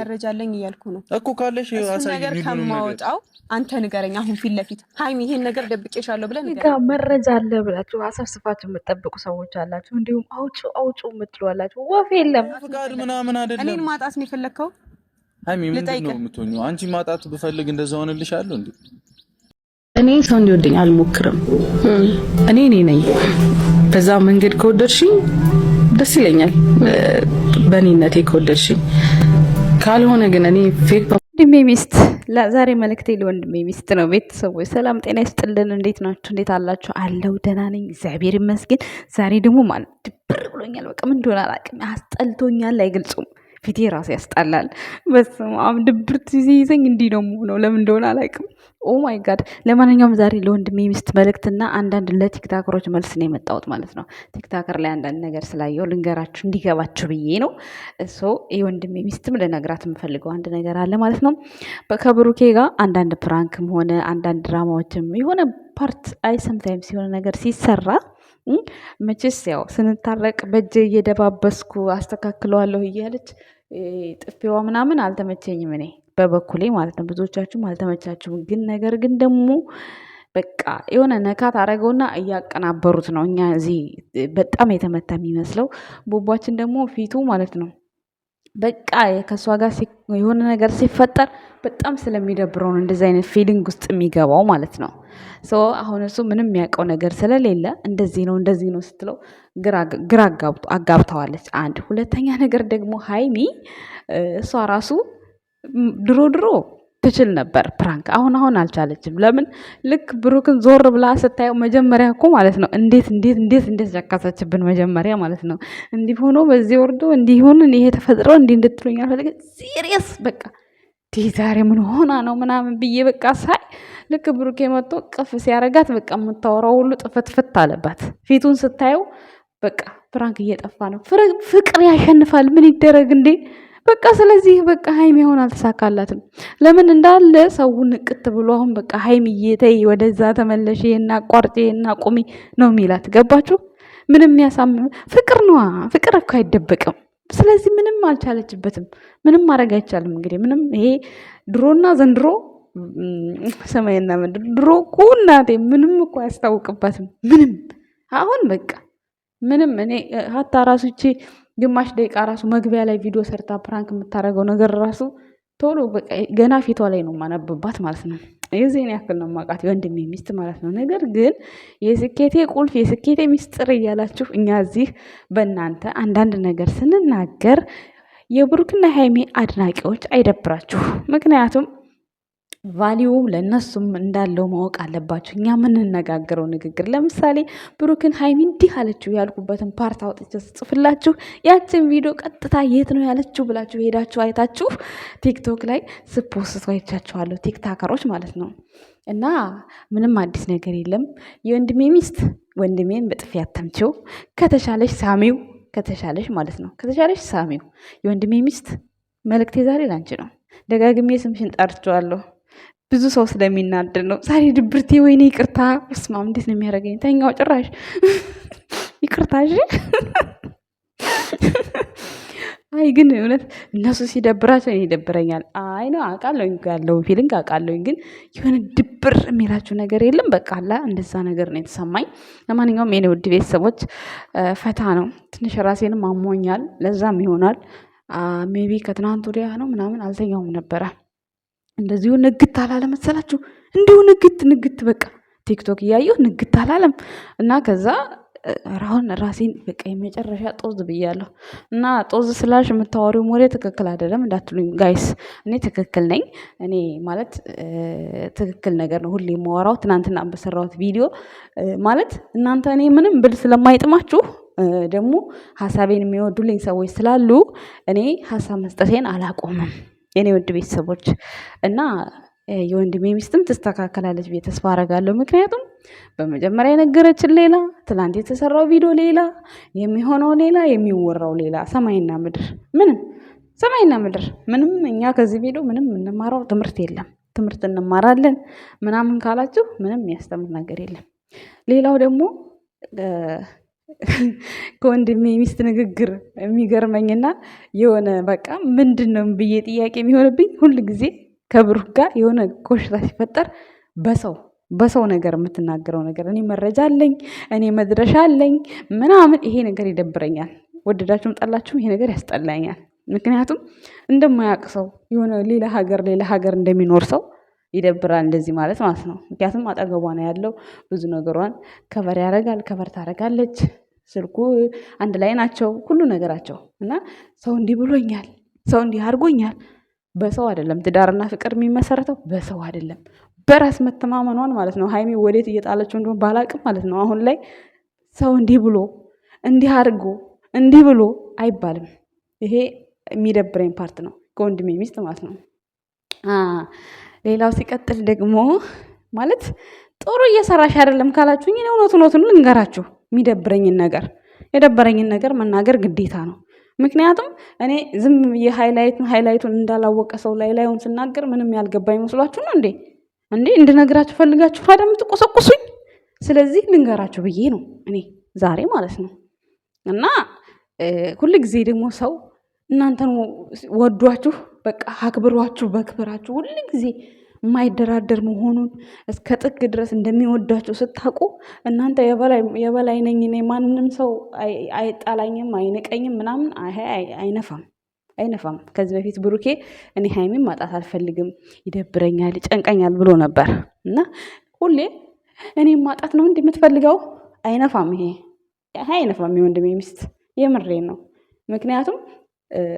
መረጃ አለኝ እያልኩ ነው እኮ ካለሽ ነገር ከማወጣው አንተ ንገረኝ። አሁን ፊት ለፊት ሀይሚ ይሄን ነገር ደብቄሻለሁ ብለን መረጃ አለ ብላችሁ አሰብስባችሁ የምጠብቁ ሰዎች አላችሁ። እንዲሁም አውጭ አውጭ የምትሉ አላችሁ። ወፍ የለም ፍቃድ ምናምን አይደለም። እኔን ማጣት ነው የፈለግከው? ሀይሚ ምንድን ነው አንቺ ማጣት ብፈልግ እንደዛ ሆንልሻለሁ እንዴ? እኔ ሰው እንዲወደኝ አልሞክርም። እኔ እኔ ነኝ። በዛ መንገድ ከወደድሽኝ ደስ ይለኛል። በእኔነቴ ከወደድሽኝ ካልሆነ ግን እኔ ፌክ ወንድሜ ሚስት ለዛሬ መልእክቴ ለወንድሜ ሚስት ነው። ቤተሰቦች ሰላም ጤና ይስጥልን። እንዴት ናችሁ? እንዴት አላችሁ? አለው ደህና ነኝ እግዚአብሔር ይመስገን። ዛሬ ደግሞ ማለት ድብር ብሎኛል። በቃ ምን እንደሆነ አላውቅም። አስጠልቶኛል። አይገልጹም ፊቴ ራሱ ያስጠላል። በስመ አብ ድብርት ሲይዘኝ እንዲህ ነው የምሆነው። ለምን እንደሆነ አላውቅም። ኦ ማይ ጋድ። ለማንኛውም ዛሬ ለወንድሜ ሚስት መልእክትና አንዳንድ ለቲክታከሮች መልስ ነው የመጣሁት ማለት ነው። ቲክታከር ላይ አንዳንድ ነገር ስላየው ልንገራችሁ እንዲገባችሁ ብዬ ነው። እሶ የወንድሜ ሚስትም ልነግራት የምፈልገው አንድ ነገር አለ ማለት ነው። ከብሩኬ ጋር አንዳንድ ፕራንክም ሆነ አንዳንድ ድራማዎችም የሆነ ፓርት አይ ሰምታይምስ የሆነ ነገር ሲሰራ መቼስ ያው ስንታረቅ በእጄ እየደባበስኩ አስተካክለዋለሁ እያለች ጥፌዋ ምናምን አልተመቸኝም፣ እኔ በበኩሌ ማለት ነው። ብዙዎቻችሁም አልተመቻችሁም። ግን ነገር ግን ደግሞ በቃ የሆነ ነካት አረገውና እያቀናበሩት ነው። እኛ እዚህ በጣም የተመታ የሚመስለው ቦቧችን ደግሞ ፊቱ ማለት ነው። በቃ ከእሷ ጋር የሆነ ነገር ሲፈጠር በጣም ስለሚደብረውን እንደዚህ አይነት ፊሊንግ ውስጥ የሚገባው ማለት ነው። ሶ አሁን እሱ ምንም የሚያውቀው ነገር ስለሌለ እንደዚህ ነው እንደዚህ ነው ስትለው ግራ አጋብተዋለች። አንድ ሁለተኛ ነገር ደግሞ ሀይሚ እሷ ራሱ ድሮ ድሮ ትችል ነበር ፕራንክ፣ አሁን አሁን አልቻለችም። ለምን ልክ ብሩክን ዞር ብላ ስታየው መጀመሪያ እኮ ማለት ነው እንዴት እንዴት እንዴት እንዴት ጨከሰችብን መጀመሪያ ማለት ነው እንዲህ ሆኖ በዚህ ወርዶ እንዲሆን ይሄ ተፈጥሮ እንዲህ እንድትሉኝ አልፈልግም ሲሪየስ በቃ ዛሬ ምን ሆና ነው ምናምን ብዬ በቃ ሳይ ልክ ብሩኬ መጥቶ ቅፍ ሲያረጋት በቃ የምታወራው ሁሉ ጥፍትፍት አለባት። ፊቱን ስታየው በቃ ፍራንክ እየጠፋ ነው። ፍቅር ያሸንፋል። ምን ይደረግ እንዴ? በቃ ስለዚህ በቃ ሀይሚ አሁን አልተሳካላትም። ለምን እንዳለ ሰው ንቅት ብሎ አሁን በቃ ሀይሚ እየተይ ወደዛ ተመለሽ፣ ይሄን አቋርጪ፣ ይሄን ቁሚ ነው የሚላት። ገባችሁ? ምንም ያሳምም ፍቅር ነዋ። ፍቅር እኮ አይደበቅም። ስለዚህ ምንም አልቻለችበትም። ምንም ማድረግ አይቻልም። እንግዲህ ምንም ይሄ ድሮና ዘንድሮ ሰማይና ምድር። ድሮ እኮ እናቴ ምንም እኮ አያስታውቅበትም ምንም አሁን በቃ ምንም እኔ ሀታ ራሱ ግማሽ ደቂቃ ራሱ መግቢያ ላይ ቪዲዮ ሰርታ ፕራንክ የምታደርገው ነገር ራሱ ቶሎ በቃ ገና ፊቷ ላይ ነው የማነብባት ማለት ነው። የዚህን ያክል ነው የማውቃት የወንድሜ ሚስት ማለት ነው። ነገር ግን የስኬቴ ቁልፍ የስኬቴ ሚስጥር እያላችሁ እኛ እዚህ በእናንተ አንዳንድ ነገር ስንናገር የብሩክና ሃይሜ አድናቂዎች አይደብራችሁ። ምክንያቱም ቫሊዩም ለእነሱም እንዳለው ማወቅ አለባቸው። እኛ የምንነጋገረው ንግግር ለምሳሌ ብሩክን ሀይሚ እንዲህ አለችው ያልኩበትን ፓርት አውጥቼ ስጽፍላችሁ ያችን ቪዲዮ ቀጥታ የት ነው ያለችው ብላችሁ ሄዳችሁ አይታችሁ ቲክቶክ ላይ ስፖስት አይቻችኋለሁ። ቲክታከሮች ማለት ነው። እና ምንም አዲስ ነገር የለም። የወንድሜ ሚስት ወንድሜን በጥፊ ያተምችው፣ ከተሻለሽ ሳሚው ከተሻለሽ ማለት ነው። ከተሻለሽ ሳሚው የወንድሜ ሚስት መልእክቴ ዛሬ ላንቺ ነው። ደጋግሜ ስምሽን ጠርቼዋለሁ። ብዙ ሰው ስለሚናደድ ነው። ዛሬ ድብርቴ፣ ወይኔ ይቅርታ። ስማም እንዴት ነው የሚያደርገኝ? ተኛው ጭራሽ ይቅርታ። እሺ አይ ግን እውነት እነሱ ሲደብራቸው እኔ ይደብረኛል። አይ ነው አውቃለሁኝ፣ ያለው ፊሊንግ አውቃለሁኝ። ግን የሆነ ድብር የሚላቸው ነገር የለም። በቃ አላ እንደዛ ነገር ነው የተሰማኝ። ለማንኛውም የኔ ውድ ቤተሰቦች ፈታ ነው ትንሽ ራሴንም አሞኛል። ለዛም ይሆናል ሜቢ ከትናንት ወዲያ ነው ምናምን አልተኛውም ነበረ እንደዚሁ ንግት አላለ መሰላችሁ? እንዲሁ ንግት ንግት በቃ ቲክቶክ እያየሁ ንግት አላለም እና ከዛ አሁን ራሴን በቃ የመጨረሻ ጦዝ ብያለሁ። እና ጦዝ ስላሽ የምታወሪው ወሬ ትክክል አይደለም እንዳትሉኝ ጋይስ፣ እኔ ትክክል ነኝ። እኔ ማለት ትክክል ነገር ነው ሁሌ የማወራው። ትናንትና በሰራሁት ቪዲዮ ማለት እናንተ እኔ ምንም ብል ስለማይጥማችሁ ደግሞ ሀሳቤን የሚወዱልኝ ሰዎች ስላሉ እኔ ሀሳብ መስጠቴን አላቆምም። የኔ ውድ ቤተሰቦች እና የወንድሜ ሚስትም ትስተካከላለች ብዬ ተስፋ አረጋለሁ። ምክንያቱም በመጀመሪያ የነገረችን ሌላ፣ ትላንት የተሰራው ቪዲዮ ሌላ፣ የሚሆነው ሌላ፣ የሚወራው ሌላ። ሰማይና ምድር ምንም ሰማይና ምድር ምንም። እኛ ከዚህ ቪዲዮ ምንም የምንማራው ትምህርት የለም። ትምህርት እንማራለን ምናምን ካላችሁ ምንም የሚያስተምር ነገር የለም። ሌላው ደግሞ ከወንድሜ ሚስት ንግግር የሚገርመኝና የሆነ በቃ ምንድን ነው ብዬ ጥያቄ የሚሆንብኝ ሁል ጊዜ ከብሩክ ጋር የሆነ ኮሽታ ሲፈጠር በሰው በሰው ነገር የምትናገረው ነገር እኔ መረጃ አለኝ፣ እኔ መድረሻ አለኝ ምናምን፣ ይሄ ነገር ይደብረኛል። ወደዳችሁም ጠላችሁም ይሄ ነገር ያስጠላኛል። ምክንያቱም እንደማያውቅ ሰው የሆነ ሌላ ሀገር ሌላ ሀገር እንደሚኖር ሰው ይደብራል እንደዚህ ማለት ማለት ነው። ምክንያቱም አጠገቧ ነው ያለው፣ ብዙ ነገሯን ከበር ያደርጋል፣ ከበር ታደርጋለች። ስልኩ አንድ ላይ ናቸው ሁሉ ነገራቸው እና ሰው እንዲህ ብሎኛል፣ ሰው እንዲህ አድርጎኛል። በሰው አይደለም ትዳርና ፍቅር የሚመሰረተው በሰው አይደለም፣ በራስ መተማመኗን ማለት ነው። ሀይሚ ወዴት እየጣለችው እንደሆነ ባላቅም ማለት ነው። አሁን ላይ ሰው እንዲህ ብሎ እንዲህ አድርጎ እንዲህ ብሎ አይባልም። ይሄ የሚደብረኝ ፓርት ነው፣ ከወንድሜ ሚስት ማለት ነው። ሌላው ሲቀጥል ደግሞ ማለት ጥሩ እየሰራሽ አይደለም ካላችሁኝ እኔ እውነቱ እውነቱን ልንገራችሁ፣ የሚደብረኝን ነገር የደበረኝን ነገር መናገር ግዴታ ነው። ምክንያቱም እኔ ዝም ብዬ ሃይላይቱን ሃይላይቱን እንዳላወቀ ሰው ላይ ላዩን ስናገር ምንም ያልገባ ይመስሏችሁ ነው እንዴ? እንዴ እንድነግራችሁ ፈልጋችሁ አይደል የምትቆሰቁሱኝ? ስለዚህ ልንገራችሁ ብዬ ነው እኔ ዛሬ ማለት ነው። እና ሁል ጊዜ ደግሞ ሰው እናንተን ወዷችሁ በቃ አክብሯችሁ በክብራችሁ ሁል ጊዜ የማይደራደር መሆኑን እስከ ጥግ ድረስ እንደሚወዳችሁ ስታውቁ እናንተ የበላይ ነኝ እኔ ማንም ሰው አይጣላኝም፣ አይንቀኝም ምናምን አይነፋም አይነፋም። ከዚህ በፊት ብሩኬ እኔ ሀይሚን ማጣት አልፈልግም፣ ይደብረኛል፣ ይጨንቀኛል ብሎ ነበር እና ሁሌ እኔ ማጣት ነው እንዲህ የምትፈልገው አይነፋም። ይሄ አይነፋም የወንድሜ ሚስት የምሬን ነው። ምክንያቱም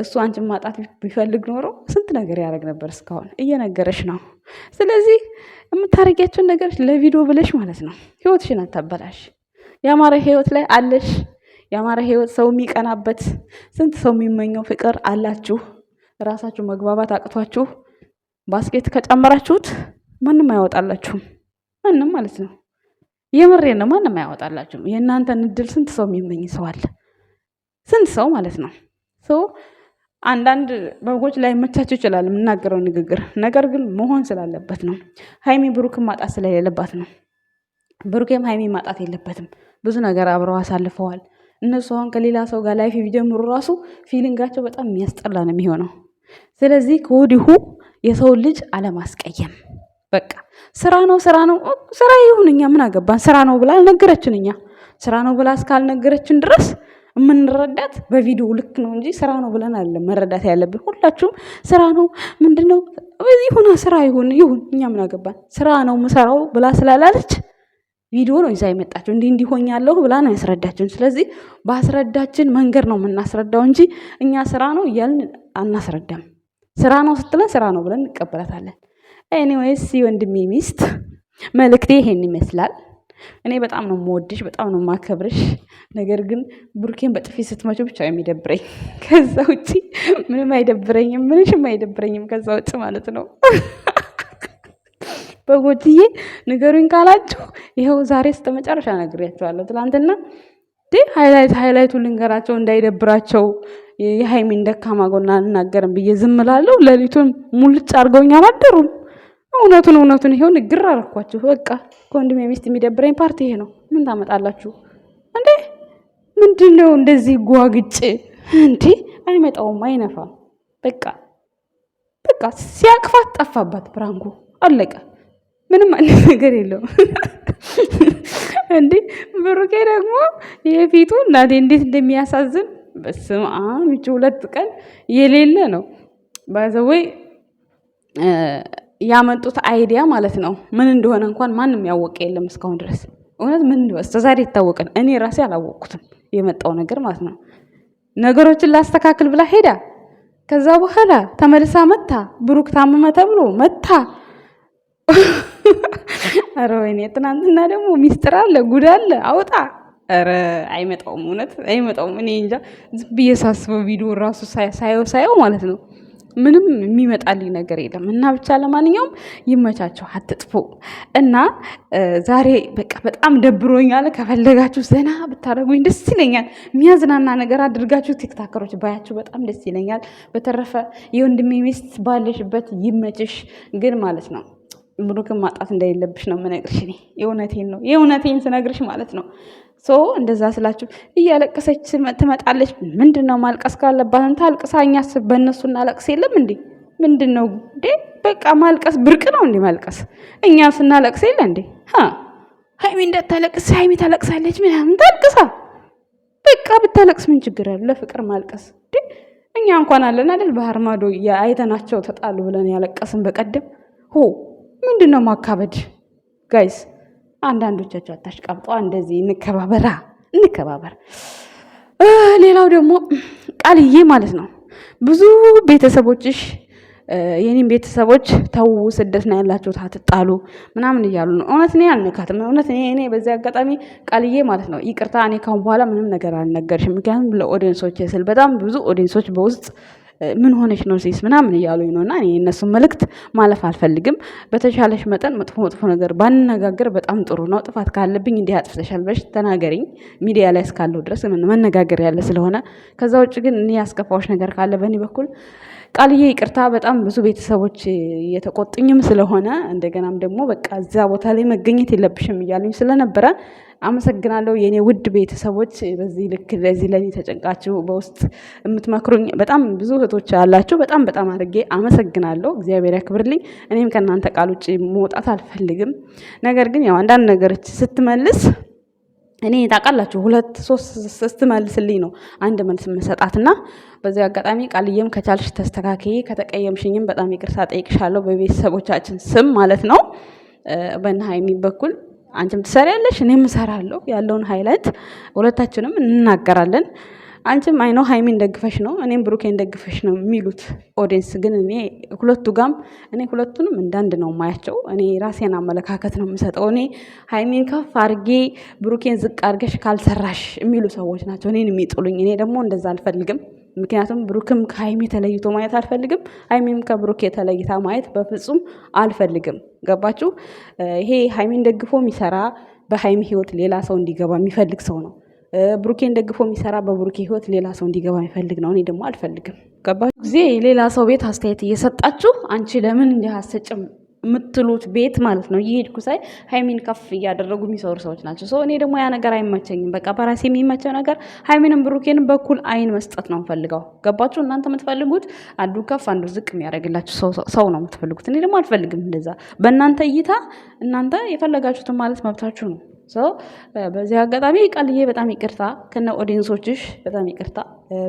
እሱ አንቺን ማጣት ቢፈልግ ኖሮ ስንት ነገር ያደረግ ነበር። እስካሁን እየነገረሽ ነው። ስለዚህ የምታደርጊያቸውን ነገሮች ለቪዲዮ ብለሽ ማለት ነው ህይወትሽን አታበላሽ። የአማረ ህይወት ላይ አለሽ። የአማረ ህይወት ሰው የሚቀናበት ስንት ሰው የሚመኘው ፍቅር አላችሁ። ራሳችሁ መግባባት አቅቷችሁ ባስኬት ከጨመራችሁት ማንም አያወጣላችሁም። ማንም ማለት ነው የምሬ ነው። ማንም አያወጣላችሁም። የእናንተን እድል ስንት ሰው የሚመኝ ሰው አለ። ስንት ሰው ማለት ነው አንዳንድ በጎች ላይመቻቸው ይችላል የምናገረው ንግግር። ነገር ግን መሆን ስላለበት ነው። ሀይሚ ብሩክን ማጣት ስለሌለባት ነው። ብሩኬም ሀይሚ ማጣት የለበትም። ብዙ ነገር አብረው አሳልፈዋል። እነሱ አሁን ከሌላ ሰው ጋር ላይፍ ቢጀምሩ ራሱ ፊሊንጋቸው በጣም የሚያስጠላ ነው የሚሆነው። ስለዚህ ከወዲሁ የሰው ልጅ አለማስቀየም በቃ ስራ ነው ስራ ነው ስራ ይሁን፣ እኛ ምን አገባን? ስራ ነው ብላ አልነገረችን። እኛ ስራ ነው ብላ እስካልነገረችን ድረስ የምንረዳት በቪዲዮ ልክ ነው እንጂ ስራ ነው ብለን አለ መረዳት ያለብን። ሁላችሁም ስራ ነው ምንድን ነው ስራ ይሁን ይሁን እኛ ምን አገባን? ስራ ነው ምሰራው ብላ ስላላለች ቪዲዮ ነው ይዛ የመጣችው። እንዲህ እንዲሆኛለሁ ብላ ነው ያስረዳችን። ስለዚህ በአስረዳችን መንገድ ነው የምናስረዳው እንጂ እኛ ስራ ነው እያልን አናስረዳም። ስራ ነው ስትለን ስራ ነው ብለን እንቀበላታለን። ኤኒዌይስ ወንድሜ ሚስት መልእክቴ ይሄን ይመስላል። እኔ በጣም ነው የምወድሽ፣ በጣም ነው የማከብርሽ። ነገር ግን ብሩኬን በጥፊ ስትመቸው ብቻ የሚደብረኝ፣ ከዛ ውጭ ምንም አይደብረኝም፣ ምንሽም አይደብረኝም። ከዛ ውጭ ማለት ነው። በጎትዬ ንገሩኝ ካላችሁ ይኸው ዛሬ እስከ መጨረሻ ነግሬያቸዋለሁ። ትላንትና ሃይላይት ሃይላይቱ ልንገራቸው እንዳይደብራቸው የሃይሚን ደካማ ጎን አልናገርም ብዬ ዝም እላለሁ። ሌሊቱን ሙልጭ አድርገውኝ አላደሩም። እውነቱን እውነቱን ይሄው ንግር አረኳችሁ። በቃ ከወንድሜ ሚስት የሚደብረኝ ፓርቲ ይሄ ነው። ምን ታመጣላችሁ እንዴ? ምንድን ነው እንደዚህ ጓግጭ እንዴ? አይመጣውም፣ አይነፋም። በቃ በቃ ሲያቅፋት ጠፋባት። ብራንኮ አለቀ። ምንም አይነት ነገር የለውም። እንዴ ብሩኬ ደግሞ የፊቱ እናቴ እንዴት እንደሚያሳዝን በስመ አብ። ሁለት ቀን የሌለ ነው ባይዘወይ ያመጡት አይዲያ ማለት ነው። ምን እንደሆነ እንኳን ማንም ያወቀ የለም እስካሁን ድረስ እውነት ምን እንደሆነ እስከዛሬ ይታወቀን። እኔ ራሴ አላወቅኩትም የመጣው ነገር ማለት ነው። ነገሮችን ላስተካክል ብላ ሄዳ ከዛ በኋላ ተመልሳ መታ ብሩክ ታመመ ተብሎ መታ። ኧረ ወይኔ! ትናንትና ደግሞ ሚስጥር አለ ጉድ አለ አውጣ። ኧረ አይመጣውም፣ እውነት አይመጣውም። እኔ እንጃ ዝም ብዬ ሳስበው ቪዲዮ ራሱ ሳየው ሳየው ማለት ነው ምንም የሚመጣልኝ ነገር የለም እና ብቻ ለማንኛውም ይመቻቸው፣ አትጥፉ። እና ዛሬ በቃ በጣም ደብሮኛል። ከፈለጋችሁ ዘና ብታደረጉኝ ደስ ይለኛል። የሚያዝናና ነገር አድርጋችሁ ቲክታከሮች ባያችሁ በጣም ደስ ይለኛል። በተረፈ የወንድሜ ሚስት ባለሽበት ይመችሽ ግን ማለት ነው ብሩክን ማጣት እንደሌለብሽ ነው የምነግርሽ። እኔ የእውነቴን ነው የእውነቴን ስነግርሽ ማለት ነው። ሶ እንደዛ ስላችሁ እያለቀሰች ትመጣለች። ምንድን ነው ማልቀስ ካለባትም ታልቅሳ፣ እኛስ በእነሱ እናለቅስ የለም እንዴ? ምንድን ነው በቃ ማልቀስ ብርቅ ነው እንዴ? ማልቀስ እኛ ስናለቅስ የለ እንዴ? ሀይሚ እንዳታለቅስ ሀይሚ ታለቅሳለች ምናምን ታልቅሳ በቃ ብታለቅስ ምን ችግር አለ? ለፍቅር ማልቀስ እኛ እንኳን አለን አይደል? ባህር ማዶ አይተናቸው ተጣሉ ብለን ያለቀስን በቀደም ሆ ምንድን ነው ማካበድ? ጋይስ አንዳንዶቻቸው አታሽቃብጧ። እንደዚህ እንከባበራ እንከባበር። ሌላው ደግሞ ቃልዬ ማለት ነው ብዙ ቤተሰቦችሽ የኔም ቤተሰቦች ተው ስደት ነው ያላችሁት አትጣሉ ምናምን እያሉ ነው። እውነት እኔ አልነካትም። እውነት እኔ እኔ በዚህ አጋጣሚ ቃልዬ ማለት ነው ይቅርታ፣ እኔ ካሁን በኋላ ምንም ነገር አልነገርሽም። ምክንያቱም ለኦዲንሶች ስል በጣም ብዙ ኦዲንሶች በውስጥ ምን ሆነች ነው ሴስ ምናምን እያሉኝ ነው እና የእነሱን መልእክት ማለፍ አልፈልግም። በተሻለሽ መጠን መጥፎ መጥፎ ነገር ባንነጋገር በጣም ጥሩ ነው። ጥፋት ካለብኝ እንዲህ አጥፍተሻል በሽ ተናገሪኝ። ሚዲያ ላይ እስካለው ድረስ መነጋገር ያለ ስለሆነ ከዛ ውጭ ግን እኔ ያስከፋዎች ነገር ካለ በእኔ በኩል ቃልዬ ይቅርታ፣ በጣም ብዙ ቤተሰቦች የተቆጡኝም ስለሆነ እንደገናም ደግሞ በቃ እዛ ቦታ ላይ መገኘት የለብሽም እያሉኝ ስለነበረ አመሰግናለሁ የእኔ ውድ ቤተሰቦች። በዚህ ልክ ለዚህ ለእኔ ተጨንቃችሁ በውስጥ የምትመክሩኝ በጣም ብዙ እህቶች ያላችሁ በጣም በጣም አድርጌ አመሰግናለሁ። እግዚአብሔር ያክብርልኝ። እኔም ከእናንተ ቃል ውጭ መውጣት አልፈልግም። ነገር ግን ያው አንዳንድ ነገሮች ስትመልስ እኔ ታውቃላችሁ ሁለት ሶስት ስትመልስልኝ ነው አንድ መልስ መሰጣትና በዚህ አጋጣሚ ቃልዬም ከቻልሽ ተስተካከይ፣ ከተቀየምሽኝም በጣም ይቅርታ ጠይቅሻለሁ በቤተሰቦቻችን ስም ማለት ነው በእነ ሀይሚ በኩል አንቺም ትሰሪያለሽ፣ እኔም እሰራለሁ። ያለውን ሀይላይት ሁለታችንም እንናገራለን። አንቺም አይነው ሀይሚን ደግፈሽ ነው፣ እኔም ብሩኬን ደግፈሽ ነው የሚሉት ኦዲንስ ግን እኔ ሁለቱ ጋም እኔ ሁለቱንም እንዳንድ ነው ማያቸው። እኔ ራሴን አመለካከት ነው የምሰጠው። እኔ ሀይሚን ከፍ አርጌ ብሩኬን ዝቅ አርገሽ ካልሰራሽ የሚሉ ሰዎች ናቸው እኔን የሚጥሉኝ። እኔ ደግሞ እንደዛ አልፈልግም። ምክንያቱም ብሩክም ከሀይሚ ተለይቶ ማየት አልፈልግም፣ ሀይሚም ከብሩክ የተለይታ ማየት በፍጹም አልፈልግም። ገባችሁ? ይሄ ሀይሚን ደግፎ የሚሰራ በሀይሚ ህይወት ሌላ ሰው እንዲገባ የሚፈልግ ሰው ነው። ብሩኬን ደግፎ የሚሰራ በብሩኬ ህይወት ሌላ ሰው እንዲገባ የሚፈልግ ነው። እኔ ደግሞ አልፈልግም። ገባችሁ? ጊዜ የሌላ ሰው ቤት አስተያየት እየሰጣችሁ አንቺ ለምን እንዲህ አሰጭም የምትሉት ቤት ማለት ነው እየሄድኩ ሳይ ሀይሚን ከፍ እያደረጉ የሚሰሩ ሰዎች ናቸው። ሰው እኔ ደግሞ ያ ነገር አይመቸኝም። በቃ በራሴ የሚመቸው ነገር ሀይሚንም ብሩኬንም በኩል አይን መስጠት ነው ፈልገው። ገባችሁ? እናንተ የምትፈልጉት አንዱ ከፍ አንዱ ዝቅ የሚያደርግላችሁ ሰው ነው የምትፈልጉት። እኔ ደግሞ አልፈልግም እንደዛ። በእናንተ እይታ እናንተ የፈለጋችሁትን ማለት መብታችሁ ነው። በዚህ አጋጣሚ ቃልዬ በጣም ይቅርታ ከነ ኦዲንሶችሽ በጣም ይቅርታ።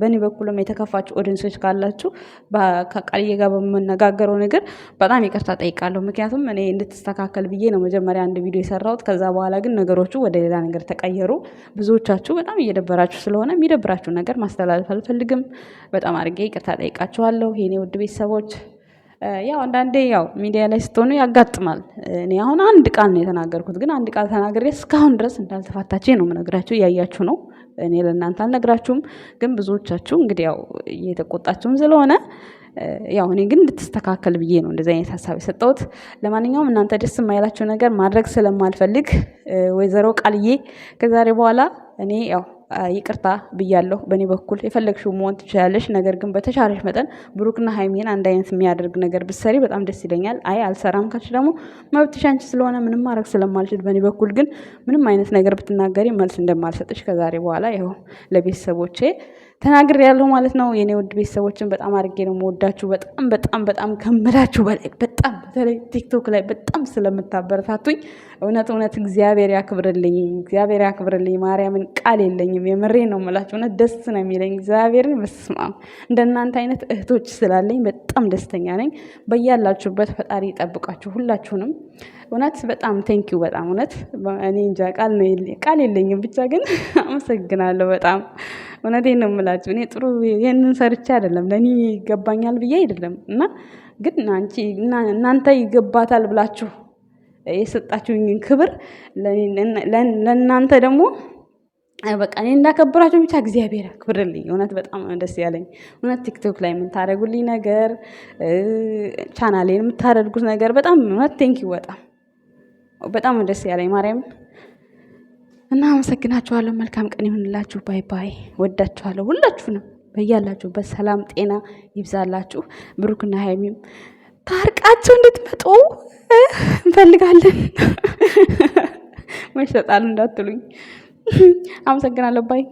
በእኔ በኩልም የተከፋችሁ ኦዲንሶች ካላችሁ ከቃልዬ ጋር በምነጋገረው ነገር በጣም ይቅርታ ጠይቃለሁ። ምክንያቱም እኔ እንድትስተካከል ብዬ ነው መጀመሪያ አንድ ቪዲዮ የሰራሁት። ከዛ በኋላ ግን ነገሮቹ ወደ ሌላ ነገር ተቀየሩ። ብዙዎቻችሁ በጣም እየደበራችሁ ስለሆነ የሚደብራችሁ ነገር ማስተላለፍ አልፈልግም። በጣም አድርጌ ይቅርታ ጠይቃችኋለሁ። የኔ ውድ ቤተሰቦች ያው አንዳንዴ ያው ሚዲያ ላይ ስትሆኑ ያጋጥማል። እኔ አሁን አንድ ቃል ነው የተናገርኩት፣ ግን አንድ ቃል ተናግሬ እስካሁን ድረስ እንዳልተፋታችኝ ነው የምነግራችሁ። እያያችሁ ነው። እኔ ለእናንተ አልነግራችሁም፣ ግን ብዙዎቻችሁ እንግዲህ ያው እየተቆጣችሁም ስለሆነ ያው እኔ ግን እንድትስተካከል ብዬ ነው እንደዚህ አይነት ሀሳብ የሰጠሁት። ለማንኛውም እናንተ ደስ የማይላችሁ ነገር ማድረግ ስለማልፈልግ ወይዘሮ ቃልዬ ከዛሬ በኋላ እኔ ያው ይቅርታ ብያለሁ በእኔ በኩል የፈለግሽው መሆን ትችላለሽ። ነገር ግን በተቻለሽ መጠን ብሩክና ሀይሚን አንድ አይነት የሚያደርግ ነገር ብትሰሪ በጣም ደስ ይለኛል። አይ አልሰራም ካልሽ ደግሞ መብትሽ አንቺ ስለሆነ ምንም ማድረግ ስለማልችል፣ በእኔ በኩል ግን ምንም አይነት ነገር ብትናገሪ መልስ እንደማልሰጥሽ ከዛሬ በኋላ ይኸው ለቤተሰቦቼ ተናግር ያለው ማለት ነው። የኔ ውድ ቤተሰቦችን በጣም አድርጌ ነው መወዳችሁ። በጣም በጣም በጣም ከምላችሁ በላይ በጣም በተለይ ቲክቶክ ላይ በጣም ስለምታበረታቱኝ እውነት እውነት እግዚአብሔር ያክብርልኝ፣ እግዚአብሔር ያክብርልኝ። ማርያምን ቃል የለኝም። የምሬ ነው የምላችሁ። እውነት ደስ ነው የሚለኝ እግዚአብሔርን። በስማም እንደናንተ አይነት እህቶች ስላለኝ በጣም ደስተኛ ነኝ። በያላችሁበት ፈጣሪ ይጠብቃችሁ ሁላችሁንም። እውነት በጣም ቴንኪው። በጣም እውነት እኔ እንጃ ቃል የለኝም። ብቻ ግን አመሰግናለሁ በጣም እውነቴን ነው የምላችሁ። እኔ ጥሩ ይህንን ሰርቼ አይደለም ለእኔ ይገባኛል ብዬ አይደለም። እና ግን አንቺ እናንተ ይገባታል ብላችሁ የሰጣችሁኝን ክብር ለእናንተ ደግሞ በቃ እኔ እንዳከበራችሁ ብቻ እግዚአብሔር ያክብርልኝ። እውነት በጣም ደስ ያለኝ እውነት ቲክቶክ ላይ የምታደርጉልኝ ነገር ቻናሌን የምታደርጉት ነገር በጣም እውነት ቴንኪው በጣም በጣም ደስ ያለኝ ማርያም እና አመሰግናችኋለሁ። መልካም ቀን ይሁንላችሁ። ባይ ባይ። ወዳችኋለሁ ሁላችሁንም። በያላችሁ በሰላም ጤና ይብዛላችሁ። ብሩክና ሀይሚም ታርቃችሁ እንድትመጡ እንፈልጋለን። መሸጣሉ እንዳትሉኝ። አመሰግናለሁ። ባይ